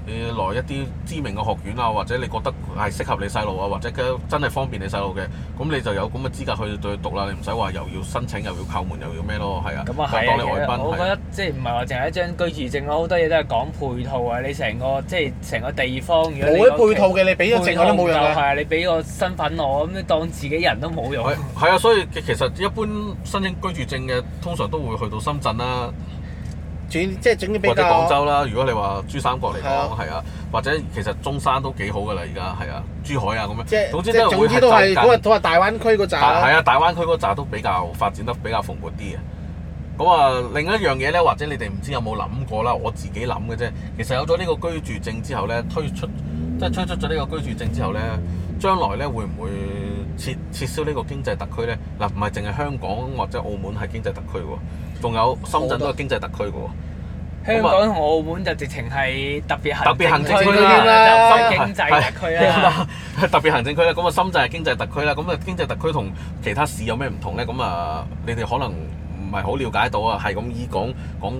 你來一啲知名嘅學院啊，或者你覺得係適合你細路啊，或者嘅真係方便你細路嘅，咁你就有咁嘅資格去對佢讀啦，你唔使話又要申請又要叩門又要咩咯，係啊，咁當你外賓啊，我覺得即係唔係話淨係一張居住證咯，好多嘢都係講配套啊，你成個即係成個地方如果冇啲配套嘅，你俾個證我都冇用啊，係啊，你俾個身份我咁你當自己人都冇用，係啊，所以其實一般申請居住證嘅通常都會去到深圳啦。即係整啲或者廣州啦。如果你話珠三角嚟講，係啊，啊，或者其實中山都幾好㗎啦。而家係啊，珠海啊咁樣，即總之會都會係集緊。話大灣區嗰集。係啊，啊，大灣區嗰集都比較發展得比較蓬勃啲啊。咁啊，另一樣嘢咧，或者你哋唔知有冇諗過啦？我自己諗嘅啫。其實有咗呢個居住證之後咧，推出即係推出咗呢個居住證之後咧，將來咧會唔會？撤撤銷呢個經濟特區咧，嗱唔係淨係香港或者澳門係經濟特區喎，仲有深圳都係經濟特區嘅喎。的麼香港同澳門就直情係特別行政區啦，區了就唔係經濟特區啦。特別行政區啦，咁啊深圳係經濟特區啦，咁啊經濟特區同其他市有咩唔同咧？咁啊，你哋可能。唔係好了解到啊，係咁以講講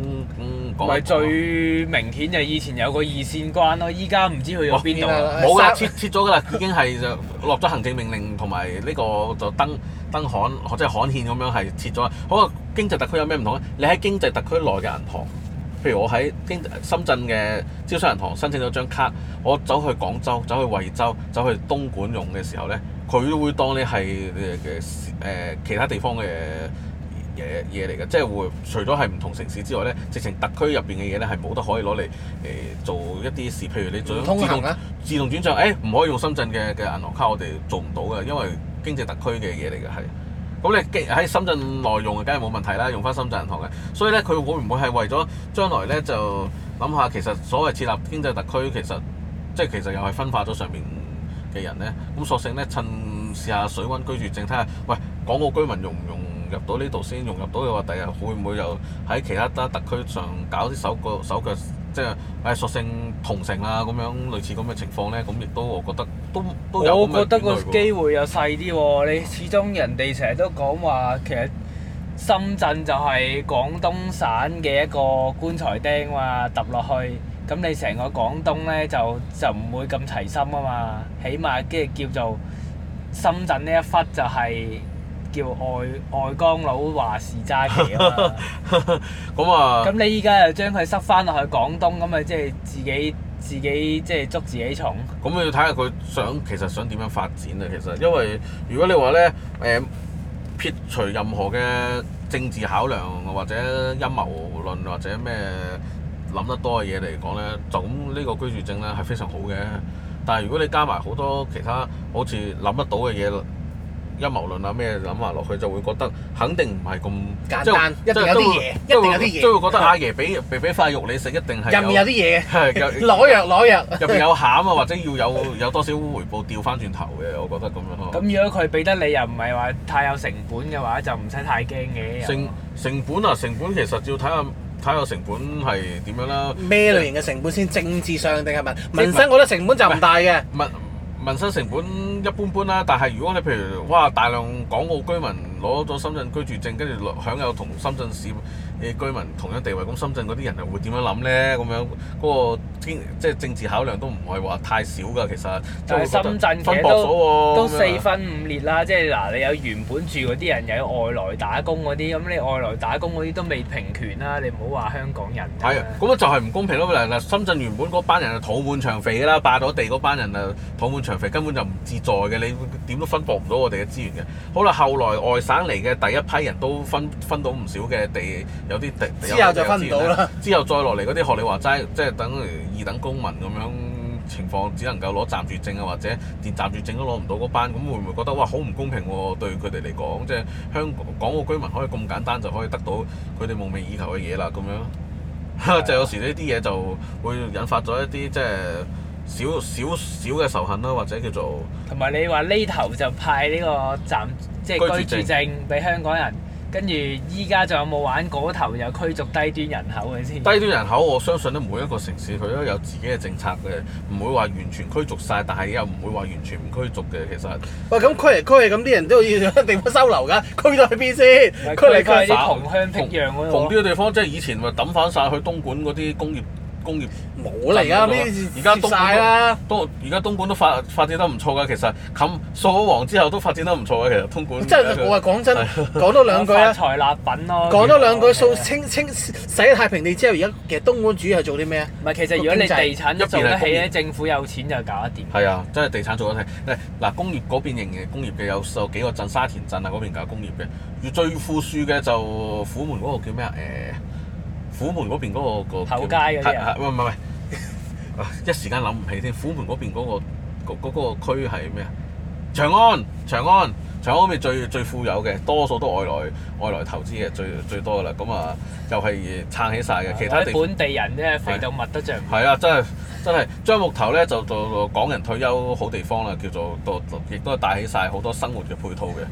講。唔係最明顯就係以前有個二線關咯，依家唔知去咗邊度。冇㗎，切撤咗㗎啦，已經係就落咗行政命令同埋呢個就登登刊即係刊憲咁樣係切咗。好啊，經濟特區有咩唔同咧？你喺經濟特區內嘅銀行，譬如我喺經深圳嘅招商銀行申請咗張卡，我走去廣州、走去惠州、走去東莞用嘅時候咧，佢都會當你係誒誒誒其他地方嘅。嘢嘢嚟嘅，即係會除咗係唔同城市之外呢，直情特區入邊嘅嘢呢，係冇得可以攞嚟誒做一啲事，譬如你做自動通、啊、自動轉賬，誒、哎、唔可以用深圳嘅嘅銀行卡，我哋做唔到嘅，因為經濟特區嘅嘢嚟嘅係。咁你喺深圳內用梗係冇問題啦，用翻深圳銀行嘅。所以呢，佢會唔會係為咗將來呢？就諗下其實所謂設立經濟特區其實即係其實又係分化咗上面嘅人呢？咁索性呢，趁試下水溫居住證睇下，喂，港澳居民用唔用？入到呢度先融入到嘅話，第日會唔會又喺其他得特區上搞啲手腳，手腳即係誒屬性同城啊咁樣類似咁嘅情況咧？咁亦都，都，都我覺得都都有咩？我覺得個機會又細啲啊。你始終人哋成日都講話，其實深圳就係廣東省嘅一個棺材釘啊，揼落去咁，你成個廣東咧就就唔會咁齊心啊嘛。起碼即係叫做深圳呢一忽就係、是。叫外外江佬話事揸旗啊！咁啊，咁你依家又將佢塞翻落去廣東，咁啊，即係自己自己即係、就是、捉自己蟲。咁你要睇下佢想其實想點樣發展啊！其實，因為如果你話咧誒撇除任何嘅政治考量或者陰謀論或者咩諗得多嘅嘢嚟講咧，就咁呢個居住證咧係非常好嘅。但係如果你加埋好多其他好似諗得到嘅嘢。陰謀論啊咩諗法落去就會覺得肯定唔係咁簡單，即係有啲嘢，一定有啲嘢，都會覺得阿爺俾俾塊肉你食，一定係入面有啲嘢，攞藥攞藥，入面有餡啊，或者要有有多少回報，掉翻轉頭嘅，我覺得咁樣咯。咁如果佢俾得你又唔係話太有成本嘅話，就唔使太驚嘅。成成本啊，成本其實要睇下睇下成本係點樣啦。咩類型嘅成本先政治上定係咪？民生？我覺得成本就唔大嘅。民生成本一般般啦，但係如果你譬如哇，大量港澳居民攞咗深圳居住證，跟住享有同深圳市。啲居民同樣地位，咁深圳嗰啲人又會點樣諗咧？咁樣嗰個即係政治考量都唔係話太少㗎，其實就係深圳嘅都麼都四分五裂啦，即係嗱你有原本住嗰啲人，又有外來打工嗰啲，咁你外來打工嗰啲都未平權啦，你唔好話香港人。係啊，咁啊就係唔公平咯！嗱嗱，深圳原本嗰班人就土滿牆肥啦，霸咗地嗰班人啊肚滿腸肥，根本就唔自在嘅，你點都分薄唔到我哋嘅資源嘅。好啦，後來外省嚟嘅第一批人都分分到唔少嘅地。有啲滴之後就分唔到啦，之後再落嚟嗰啲學你話齋，即係等二等公民咁樣情況，只能夠攞暫住證啊，或者連暫住證都攞唔到嗰班，咁會唔會覺得哇好唔公平喎、啊？對佢哋嚟講，即係香港，港澳居民可以咁簡單就可以得到佢哋夢寐以求嘅嘢啦，咁樣。哈的！就有時呢啲嘢就會引發咗一啲即係少少少嘅仇恨啦，或者叫做同埋你話呢頭就派呢個暫即係居住證俾香港人。跟住依家仲有冇玩嗰、那個、頭有驅逐低端人口嘅先？低端人口，我相信都每一個城市佢都有自己嘅政策嘅，唔會話完全驅逐晒，但係又唔會話完全唔驅逐嘅。其實，喂，咁驅嚟驅去，咁啲人都要地方收留㗎，驅到去邊先？驅嚟驅去啲窮鄉僻壤嗰度，窮啲嘅地方，即係以前咪抌翻晒去東莞嗰啲工業。工業冇啦，而家，而家東莞都而家東莞都發發展得唔錯噶。其實冚掃咗黃之後都發展得唔錯噶。其實東莞，即係我係講真，講對多兩句啦。 財立品咯，講多兩句掃的清清，清洗太平地之後，而家其實東莞主要係做啲咩啊？唔係，其實如果你地產一做得起咧，政府有錢就搞得掂。係啊，真係地產做得起。嗱，工業嗰邊型嘅工業嘅有有幾個鎮，沙田鎮啊嗰邊搞工業嘅。最富庶嘅就虎門嗰個叫咩啊？誒、呃。虎門嗰邊嗰、嗰個、嗰個頭街嗰啊，唔唔唔，一時間諗唔起添。虎門嗰邊嗰、嗰個嗰、嗰個、區係咩啊？長安，長安，長安嗰邊最最富有嘅，多數都外來外來投資嘅最最多噶啦。咁啊，又係撐起晒嘅。其他地、嗯、本地人咧肥到密得着。唔。係啊，真係真係，樟木頭咧就做港人退休好地方啦，叫做做亦都，都，都，都帶起晒好多生活嘅配套嘅。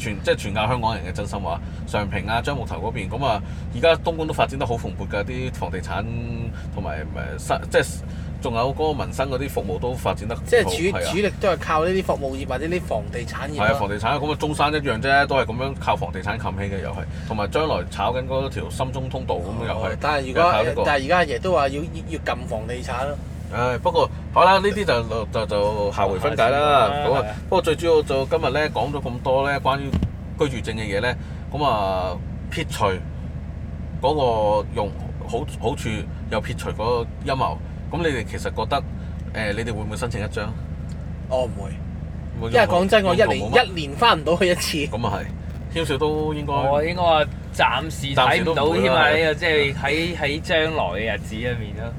全即係全靠香港人嘅真心話，常平啊、樟木頭嗰邊咁啊，而家東莞都發展得好蓬勃㗎，啲房地產同埋誒即係仲有嗰個民生嗰啲服務都發展得即係主、啊、主力都係靠呢啲服務業或者啲房地產業。係啊，房地產啊，咁啊中山一樣啫，都係咁樣靠房地產冚起嘅又係，同埋將來炒緊嗰條深中通道咁、哦、又係是。但係如果、這個、但係而家阿爺都話要要要撳房地產咯。唉，不過好啦，呢、嗯、啲就就就，就，就下回分解啦。咁是啊，不過最主要就今日咧講咗咁多咧關於居住證嘅嘢咧，咁啊撇除嗰個用好好處，又撇除嗰個陰謀。咁你哋其實覺得誒、呃，你哋會唔會申請一張？我唔會，會因為講真，我一年一年翻唔到去一次、就是。咁啊係，少少都應該。我應該話暫時睇唔到添啊！呢個即係喺喺將來嘅日子入面咯。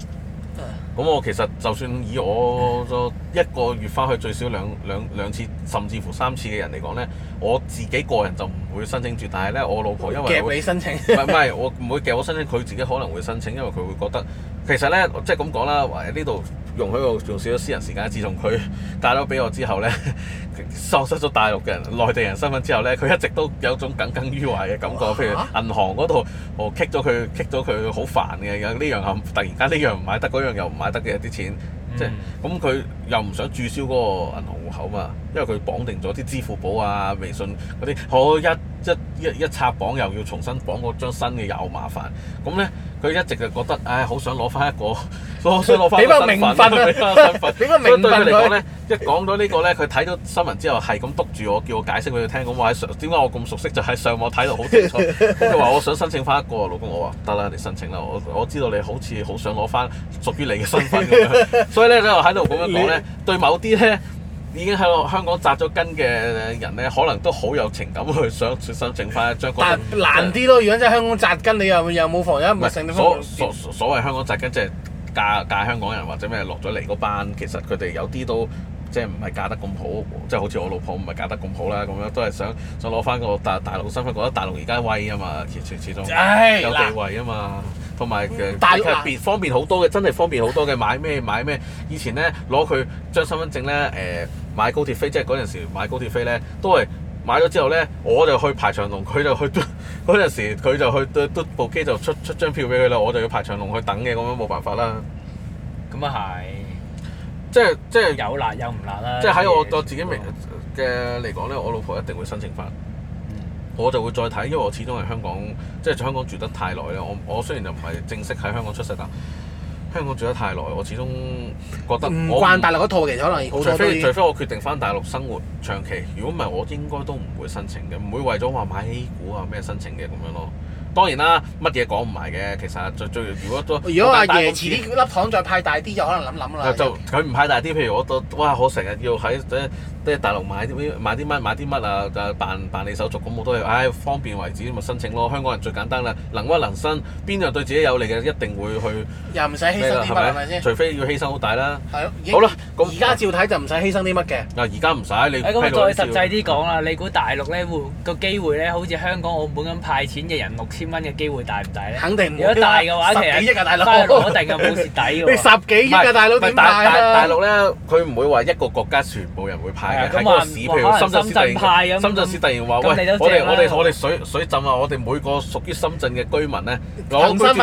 咁我其實就算以我一個月翻去最少兩兩兩次，甚至乎三次嘅人嚟講呢，我自己個人就唔會申請住，但係呢，我老婆因為會夾你申請，唔 係我唔會夾我申請，佢自己可能會申請，因為佢會覺得。其實咧，即係咁講啦，呢度容許我用少少私人時間。自從佢帶咗俾我之後咧，喪 失咗大陸嘅人、內地人身份之後咧，佢一直都有種耿耿於懷嘅感覺。譬如銀行嗰度，我 k 咗佢 k 咗佢，好煩嘅。有呢樣突然間呢樣唔買得，嗰樣又唔買得嘅啲錢，嗯、即係咁佢又唔想註銷嗰個銀行戶口嘛，因為佢綁定咗啲支付寶啊、微信嗰啲，我一即一一拆綁又要重新綁嗰張新嘅又麻煩，咁咧佢一直就覺得，唉，好想攞翻一個， 所以想一個我想攞翻。你話名份啊！名份。啊、所以對佢嚟講咧， 一講到個呢個咧，佢睇到新聞之後係咁督住我，叫我解釋俾佢聽，咁我喺上點解我咁熟悉，就喺、是、上網睇到好清楚。佢話 我想申請翻一個，老公我話得啦，你申請啦，我我知道你好似好想攞翻屬於你嘅身份咁樣。 所以咧，你又喺度咁樣講咧，對某啲咧。已經喺度，香港扎咗根嘅人咧，可能都好有情感去想出想整翻一張。但難啲咯，就是、如果真係香港扎根，你又又冇房產，唔係剩。所所所謂香港扎根，即係嫁嫁香港人或者咩落咗嚟嗰班，其實佢哋有啲都即係唔係嫁得咁好，即係好似我老婆唔係嫁得咁好啦。咁樣都係想再攞翻個大大陸身份，覺得大陸而家威啊嘛，完全始終有地位啊嘛。同埋嘅大方便好多嘅，真係方便好多嘅，買咩買咩？以前咧攞佢張身份證咧，誒、呃。呃買高鐵飛，即係嗰陣時買高鐵飛呢，都係買咗之後呢，我就去排長龍，佢就去。嗰 陣時佢就去，嘟嘟部機就出出張票俾佢啦，我就要排長龍去等嘅，咁樣冇辦法啦。咁啊係，即係即係有辣有唔辣啦。即係喺我我自己明嘅嚟講呢， 我老婆一定會申請翻。嗯、我就會再睇，因為我始終係香港，即係喺香港住得太耐啦。我我雖然就唔係正式喺香港出世噶。但香港住得太耐，我始終覺得唔慣大陸嗰套，其實可能除非除非我決定返大陸生活長期，如果唔係我應該都唔會申請嘅，唔會為咗話買 A 股啊咩申請嘅咁樣咯。當然啦，乜嘢講唔埋嘅，其實最最，最如果都如果話椰子呢粒糖再派大啲，就可能諗諗啦。就佢唔派大啲，譬如我都哇，我成日要喺。呃即係大陸買啲乜買啲乜買啲乜啊！就辦辦理手續咁我都係，唉方便為主咪申請咯。香港人最簡單啦，能屈能伸，邊樣對自己有利嘅一定會去。又唔使犧牲啲乜係咪先？除非要犧牲好大啦。係咯。好啦，而家照睇就唔使犧牲啲乜嘅。啊，而家唔使你批到條。咁再實際啲講啦，你估大陸咧會個機會咧，好似香港澳門咁派錢嘅人六千蚊嘅機會大唔大咧？肯定。如果大嘅話，其實幾億啊，大佬。我一定冇蝕底㗎喎。你十幾億啊，大佬點派啊？大大陸咧，佢唔會話一個國家全部人會派。係啊，咁個市譬如深圳市，突然深圳市突然話：喂，我哋我哋我哋水水浸啊！我哋每個屬於深圳嘅居民咧，攞身份，個憑身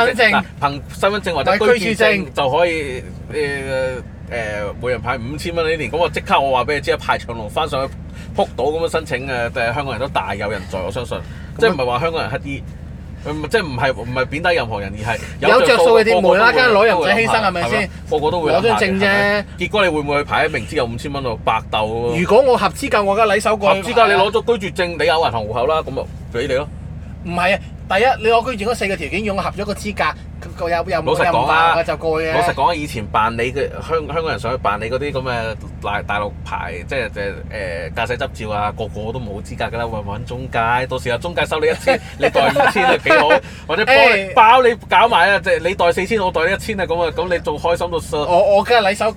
份證，證或者居住證，就，住證就可以誒誒、呃呃呃，每人派五千蚊呢年。咁我即刻我話俾你知啊，排長龍翻上去，撲倒咁樣申請嘅，香港人都大有人在，我相信，嗯、即係唔係話香港人乞兒。即係唔係唔係貶低任何人而係有着數嘅啲門啦，間攞人，人仔犧牲係咪先？個個都會攞張證啫。結果你會唔會去排喺明知有五千蚊度白鬥、啊、如果我合資格，我而家攞手蓋、啊。合資格你攞咗居住證，你有銀行戶口啦，咁就俾你咯。唔係啊，第一你攞居住嗰四個條件，用我合咗個資格。老有有冇啊？老實講啊，以前辦理嘅香香港人想去辦理嗰啲咁嘅大大陸牌，即係誒駕駛執照啊，個個都冇資格噶啦，揾揾中介，到時候中介收你一千，你代二千就幾好，或者幫你包、欸、包你搞埋啊，即係你代四千，我代一千啊，咁啊咁你做開心到。我我梗係舉手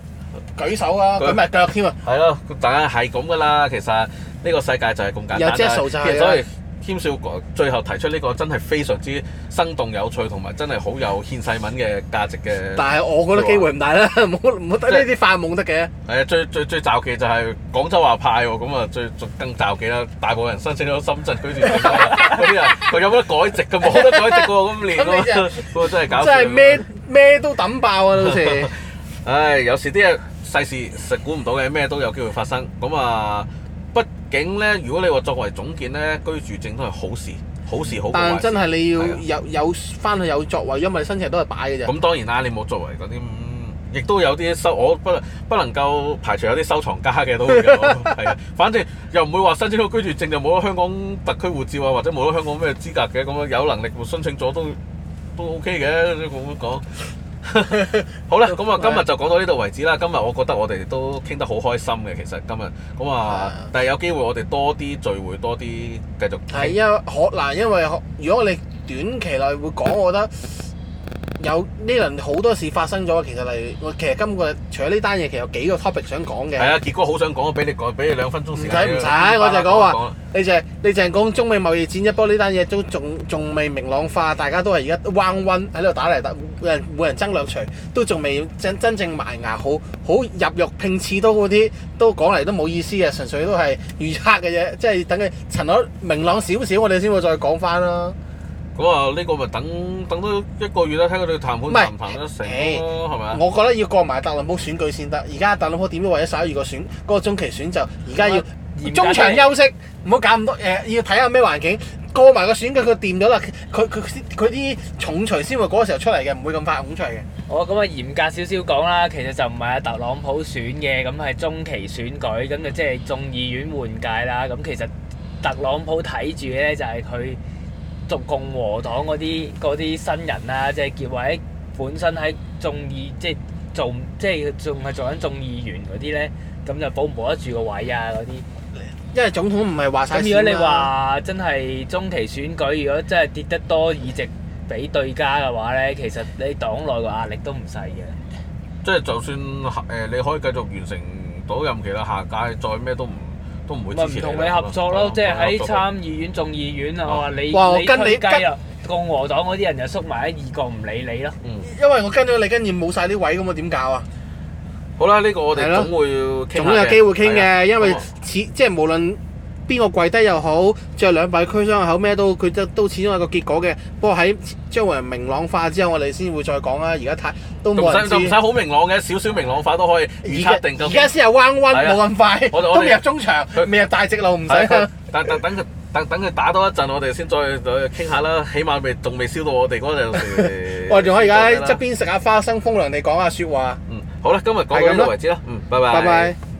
舉手啊！舉埋他腳添啊！係咯了，大家係咁噶啦，其實呢個世界就係咁簡單。有遮手就係啦。謙少，最後提出呢個真係非常之生動有趣，同埋真係好有獻世文嘅價值嘅。但係我覺得機會唔大啦，唔好得呢啲發夢得嘅。係啊、就係，最最最詐忌，忌就係廣州話派喎，咁啊最更詐忌啦！大部份人申請咗深圳居住證嗰啲人，佢 有冇得改籍嘅？冇得改籍喎，咁你咁啊， 的 真係搞笑。真係咩咩都抌爆啊！到時，唉，有時啲嘢世事食估唔到嘅，咩都有機會發生。咁啊。嗯竟咧，如果你話作為總建咧，居住證都係好事，好事好事。但真係你要有的有翻去有，有作為，因為申請都係擺嘅啫。咁當然啦，你冇作為嗰啲，亦、嗯、都有啲收，我不不能夠排除有啲收藏家嘅都係啊。 反正又唔會話申請到居住證就冇咗香港特區護照啊，或者冇咗香港咩資格嘅咁啊，樣有能力申請咗都都 OK 嘅，咁講。 好啦，咁啊，今日就講到呢度為止啦。今日我覺得我哋都傾得好開心嘅，其實今日咁啊，但係有機會我哋多啲聚會，多啲繼續。係啊，可嗱，因為如果你短期內會講，我覺得。有呢輪好多事發生咗，其實嚟，我其實今個除咗呢單嘢，其實有幾個 topic 想講嘅。係啊，傑哥好想講，俾你講，俾你兩分鐘時間。唔使唔使，我就講話，你淨係，你淨係講中美貿易戰一波呢單嘢都仲仲未明朗化，大家都係而家彎彎喺度打嚟打，每人每人爭兩錘，都仲未真正埋牙，好好入肉拼刺刀嗰啲，都講嚟都冇意思嘅，純粹都係預測嘅嘢，即係等佢塵埃明朗少少，我哋先會再講翻咯。咁啊，呢個咪等等多一個月啦，睇佢哋談判談唔談得死咯，係咪？我覺得要過埋特朗普選舉先得，而家特朗普點都為咗十一月個選，個中期選就而家要中場休息，唔好搞咁多誒，要睇下咩環境過埋個選舉佢掂咗啦。佢佢佢啲重錘先會嗰時候出嚟嘅，唔會咁快拱出嚟嘅。哦，咁啊，嚴格少少講啦，其實就唔係阿特朗普選嘅，咁係中期選舉，咁就即係眾議院換屆啦。咁其實特朗普睇住咧，就係佢。做共和黨嗰啲嗰啲新人啊，即係結位本身喺眾議即係做即係仲係做緊眾議員嗰啲咧，咁就保唔保得住個位啊嗰啲？因為總統唔係話曬。如果你話真係中期選舉，如果真係跌得多議席俾對家嘅話咧，其實你黨內嘅壓力都唔細嘅。即係就算誒你可以繼續完成到任期啦，下屆再咩都唔。咪唔同你合作咯，即係喺參議院、眾、嗯、議院啊！話、嗯、你我跟你吹雞啊，跟 共和黨嗰啲人就縮埋喺二個唔理你咯。因為我跟咗你，跟住冇晒啲位咁，我點搞啊？好啦，呢、呢個我哋總會總有機會傾嘅，了因為始吧即係無論。邊個跪低又好，着兩敗俱傷又好，咩都佢都都始終有個結果嘅。不過喺將嚟明朗化之後，我哋先會再講啦。而家太，都唔使，都唔使好明朗嘅，少少明朗化都可以。而家先係彎彎，冇咁快，都未入中場，未他入大直路，唔使、啊。等等等佢等等佢打多一陣，我哋先再再傾下啦。起碼未仲未燒到我哋嗰陣時我哋仲 可以而家喺側邊食下花生風涼地講下說話。嗯，好啦，今日講到呢個為止啦。嗯、啊，拜拜。拜拜。